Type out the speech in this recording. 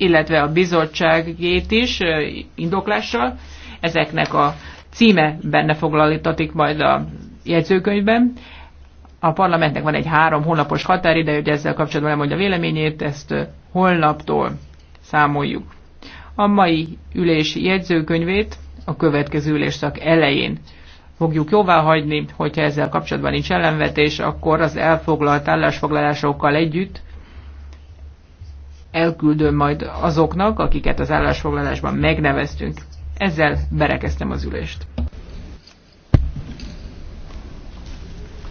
illetve a bizottságét is indoklással. Ezeknek a címe benne foglalítatik, majd a jegyzőkönyvben. A parlamentnek van egy három hónapos határideje, hogy ezzel kapcsolatban elmondja véleményét, ezt holnaptól számoljuk. A mai ülési jegyzőkönyvét a következő ülésszak elején fogjuk jóvá hagyni, hogyha ezzel kapcsolatban nincs ellenvetés, akkor az elfoglalt állásfoglalásokkal együtt elküldöm majd azoknak, akiket az állásfoglalásban megneveztünk. Ezzel berekeztem az ülést.